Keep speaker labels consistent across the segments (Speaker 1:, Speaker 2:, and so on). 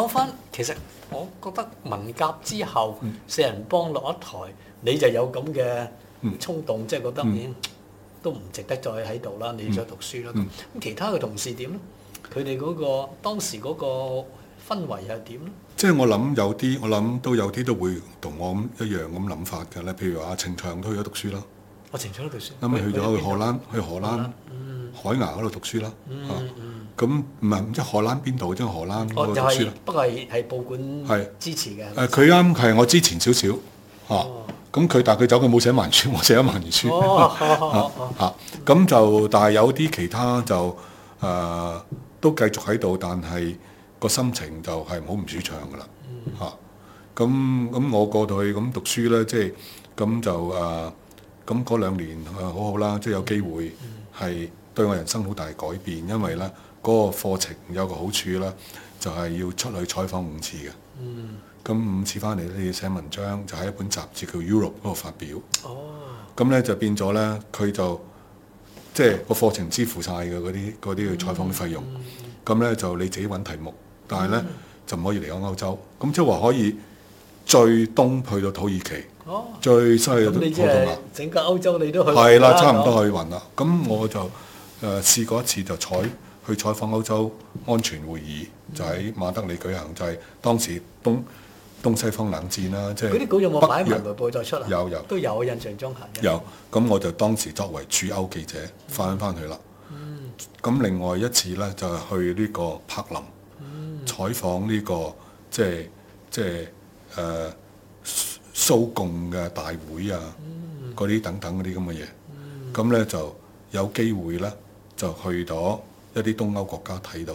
Speaker 1: 講翻，其實我覺得文革之後，嗯、四人幫落一台，你就有咁嘅衝動，嗯、即係覺得已經都唔值得再喺度啦，你再讀書啦。咁、嗯、其他嘅同事點咧？佢哋嗰個當時嗰個氛圍又點咧？即係我諗有啲，我諗都有啲都會同我咁一樣咁諗法嘅咧。譬如話，阿程翔都去咗讀書啦，我程翔都讀書，咁咪去咗去、啊、荷蘭，去荷蘭、嗯嗯、海牙嗰度讀書啦。咁唔係即係荷蘭邊度？即係荷蘭嗰本書咯。不過係係報館支持嘅。誒佢啱係我之前少少嚇。咁佢、哦啊、但係佢走，佢冇寫萬書，我寫咗萬餘書咁，就但係有啲其他就誒、啊、都繼續喺度，但係個心情就係好唔舒暢㗎啦嚇。咁咁、嗯啊、我過到去咁讀書咧，即係咁就誒咁嗰兩年好好啦，即、就、係、是、有機會係對我人生好大改變，因為咧。嗰個課程有個好處啦，就係、是、要出去採訪五次嘅。嗯。咁五次翻嚟都要寫文章，就喺一本雜誌叫 Europe 嗰度發表。哦。咁咧就變咗咧，佢就即係個課程支付晒嘅嗰啲嗰啲去採訪嘅費用。咁咧、嗯、就你自己揾題目，但係咧、嗯、就唔可以離開歐洲。咁即係話可以最東去到土耳其。哦、最西葡萄牙。哦、整個歐洲你都去。係啦，差唔多去完啦。咁吧我就誒、呃、試過一次就採。嗯去採訪歐洲安全會議、嗯、就喺馬德里舉行，就係、是、當時東東西方冷戰啦、啊，即係嗰啲稿有冇約擺埋嚟報再出嚟，有有都有，印象中有。咁我就當時作為駐歐記者翻翻去啦。咁、嗯、另外一次咧，就係去呢個柏林，嗯，採訪呢、呢個即係即係誒、呃、蘇共嘅大會啊，嗰啲、嗯、等等嗰啲咁嘅嘢，嗯，咁咧就有機會啦，就去咗。一啲東歐國家睇到，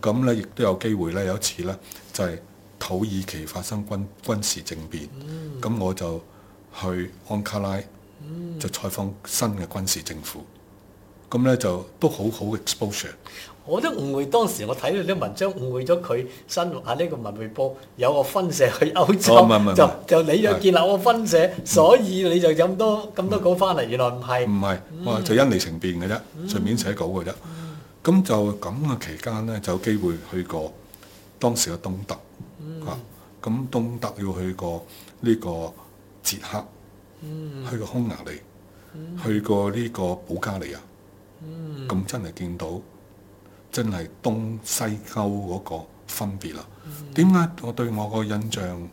Speaker 1: 咁咧亦都有機會咧。有一次咧，就係土耳其發生軍軍事政變，咁我就去安卡拉，就採訪新嘅軍事政府，咁咧就都好好嘅 exposure。我都誤會當時我睇到啲文章誤會咗佢，新華呢個文匯報有個分社去歐洲，就就你又建立個分社，所以你就有咁多咁多稿翻嚟，原來唔係唔係，我就因利乘便嘅啫，隨便寫稿嘅啫。咁就咁嘅期間咧，就有機會去過當時嘅東德、嗯、啊。咁東德要去過呢個捷克，嗯、去過匈牙利，嗯、去過呢個保加利亞。咁、嗯、真係見到真係東西歐嗰個分別啦。點解、嗯、我對我個印象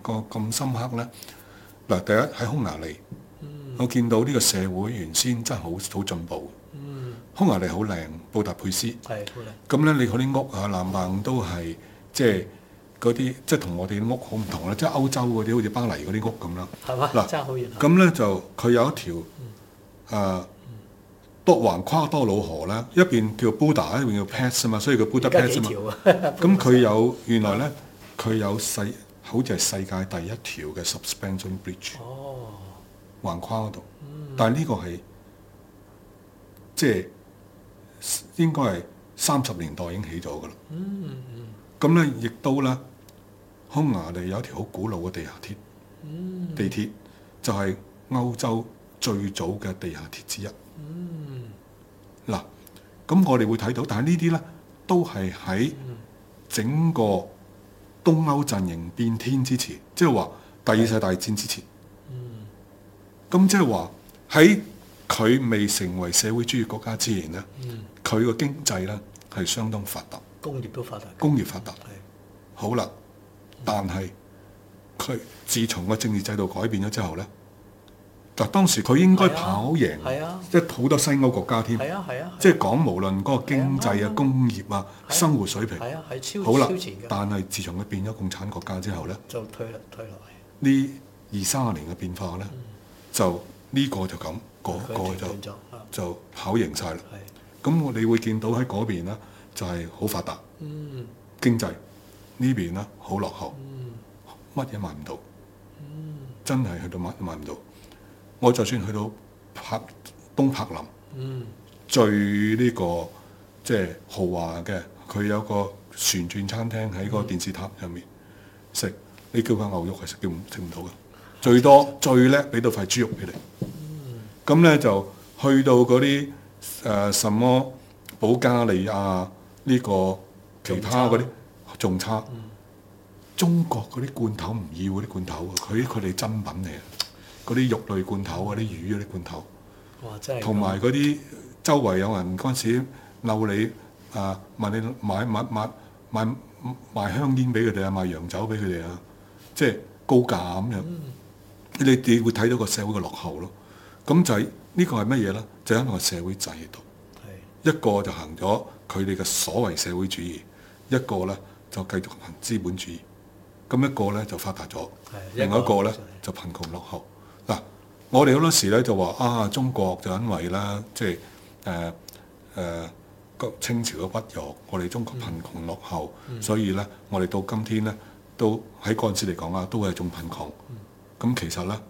Speaker 1: 個咁深刻咧？嗱，第一喺匈牙利，嗯、我見到呢個社會原先真係好好進步。匈牙利好靚，布達佩斯，咁咧你嗰啲屋啊，藍白都係即係嗰啲，即係同我哋啲屋好唔同啦，即係歐洲嗰啲好似巴黎嗰啲屋咁啦，係嘛？嗱，爭好遠。咁咧就佢有一條誒多橫跨多瑙河咧，一邊叫布達，一邊叫佩斯啊嘛，所以佢叫布達佩斯啊嘛。咁佢有原來咧，佢有世好似係世界第一條嘅 Suspension Bridge。哦，橫跨嗰度，但係呢個係即係。應該係三十年代已經起咗噶啦。嗯嗯、mm。咁、hmm. 咧，亦都咧，匈牙利有一條好古老嘅地下鐵。Mm hmm. 地鐵就係、是、歐洲最早嘅地下鐵之一。嗯、mm。嗱、hmm.，咁我哋會睇到，但係呢啲咧都係喺整個東歐陣營變天之前，即係話第二次大戰之前。嗯、mm。咁即係話喺。佢未成為社會主義國家之前咧，佢個經濟呢係相當發達，工業都發達，工業發達好啦。但係佢自從個政治制度改變咗之後呢，嗱當時佢應該跑贏，即係好多西歐國家添，係啊係啊，即係講無論嗰個經濟啊、工業啊、生活水平係超好啦。但係自從佢變咗共產國家之後呢，就退啦退落嚟。呢二三十年嘅變化呢，就呢個就咁。嗰個就就跑贏晒啦。咁我的你會見到喺嗰邊咧，就係、是、好發達，嗯、經濟邊呢邊咧好落後，乜嘢、嗯、買唔到，嗯、真係去到乜都買唔到。我就算去到柏東柏林，嗯、最呢、這個即係、就是、豪華嘅，佢有個旋轉餐廳喺個電視塔入面食、嗯。你叫佢牛肉係食，叫唔食唔到嘅，最多的最叻俾到塊豬肉俾你。咁咧、嗯、就去到嗰啲誒什麼保加利亞呢、呢個其他嗰啲仲差，差嗯、中國嗰啲罐頭唔要嗰啲罐頭，佢佢哋真品嚟啊！嗰啲肉類罐頭啊，啲魚嗰啲罐頭，哇！真係同埋嗰啲周圍有人嗰陣時鬧你啊，問你買買買買賣香煙俾佢哋啊，賣洋酒俾佢哋啊，即係高價咁樣，嗯嗯、你你,你會睇到個社會嘅落後咯。咁就係、是、呢、這個係乜嘢呢？就因為個社會制度，的一個就行咗佢哋嘅所謂社會主義，一個呢就繼續行資本主義。咁一個呢就發達咗，的另一個呢的就貧窮落後嗱。我哋好多時呢就話啊，中國就因為啦，即係誒誒，清朝嘅屈辱，我哋中國貧窮落後，嗯嗯、所以呢，我哋到今天呢，都喺嗰陣時嚟講啊，都係一種貧窮。咁、嗯嗯、其實呢，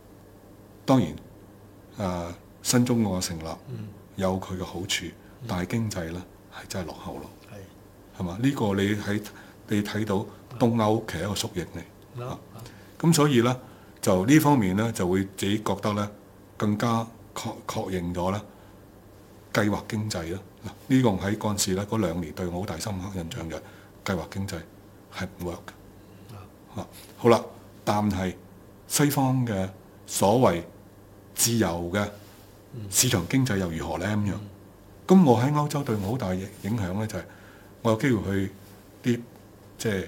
Speaker 1: 當然。誒新中國嘅成立、嗯、有佢嘅好處，但係經濟咧係真係落後咯，係嘛的？呢、呢個你喺你睇到東歐其實一個縮影嚟，咁所以咧就呢方面咧就會自己覺得咧更加確確認咗咧計劃經濟咯。嗱、啊呢個、呢個喺嗰陣時咧嗰兩年對我好大深刻印象嘅計劃經濟係唔 work 嘅。嚇、啊啊、好啦，但係西方嘅所謂自由嘅市場經濟又如何咧咁樣？咁我喺歐洲對我好大影響咧，就係我有機會去啲即係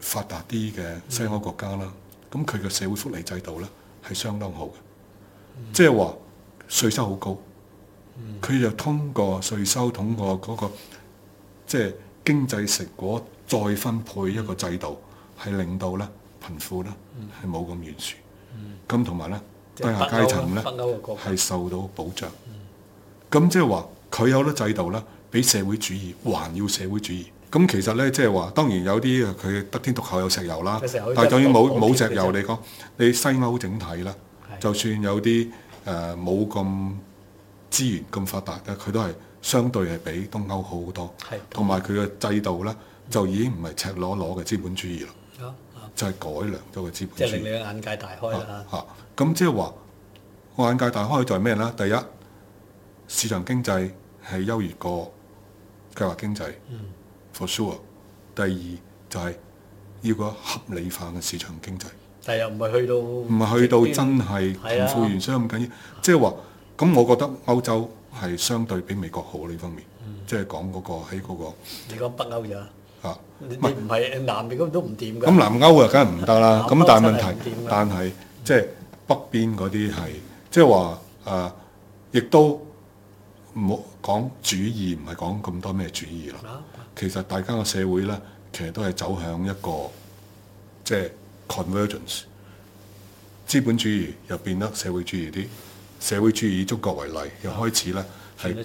Speaker 1: 發達啲嘅西歐國家啦。咁佢嘅社會福利制度咧係相當好嘅，即係話稅收好高，佢就通過稅收通過嗰個即係經濟成果再分配一個制度，係令到咧貧富咧係冇咁懸殊。咁同埋咧。低下階層咧係受到保障，咁即係話佢有啲制度咧，比社會主義還要社會主義。咁其實咧，即係話當然有啲佢得天獨厚有石油啦，但係對要冇冇石油你講，你西歐整體啦，就算有啲誒冇咁資源咁發達嘅，佢都係相對係比東歐好好多，同埋佢嘅制度咧就已經唔係赤裸裸嘅資本主義啦。就係改良咗個資本主義，即係令你嘅眼界大開啦嚇。咁即係話眼界大開就係咩咧？第一，市場經濟係優越過計劃經濟，嗯、for sure。第二就係、是、要個合理化嘅市場經濟，但係又唔係去到唔係去到真係貧富懸殊咁緊要。即係話咁，我覺得歐洲係相對比美國好呢方面，即係、嗯、講嗰個喺嗰個。你講、那個、北歐啫。啊！唔係南邊嗰度都唔掂㗎。咁南歐啊，梗係唔得啦。咁但係問題，但係即係北邊嗰啲係即係話誒，亦、嗯啊、都唔好講主義，唔係講咁多咩主義啦。啊、其實大家個社會咧，其實都係走向一個即係、就是、convergence，資本主義又變得社會主義啲，社會主義以中國為例，又開始咧。啊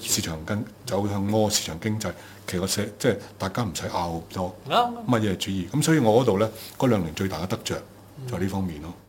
Speaker 1: 市場跟走向柯市場經濟，其實寫即係大家唔使拗多乜嘢主義。咁所以我，我嗰度咧，嗰兩年最大嘅得着就係呢方面咯。嗯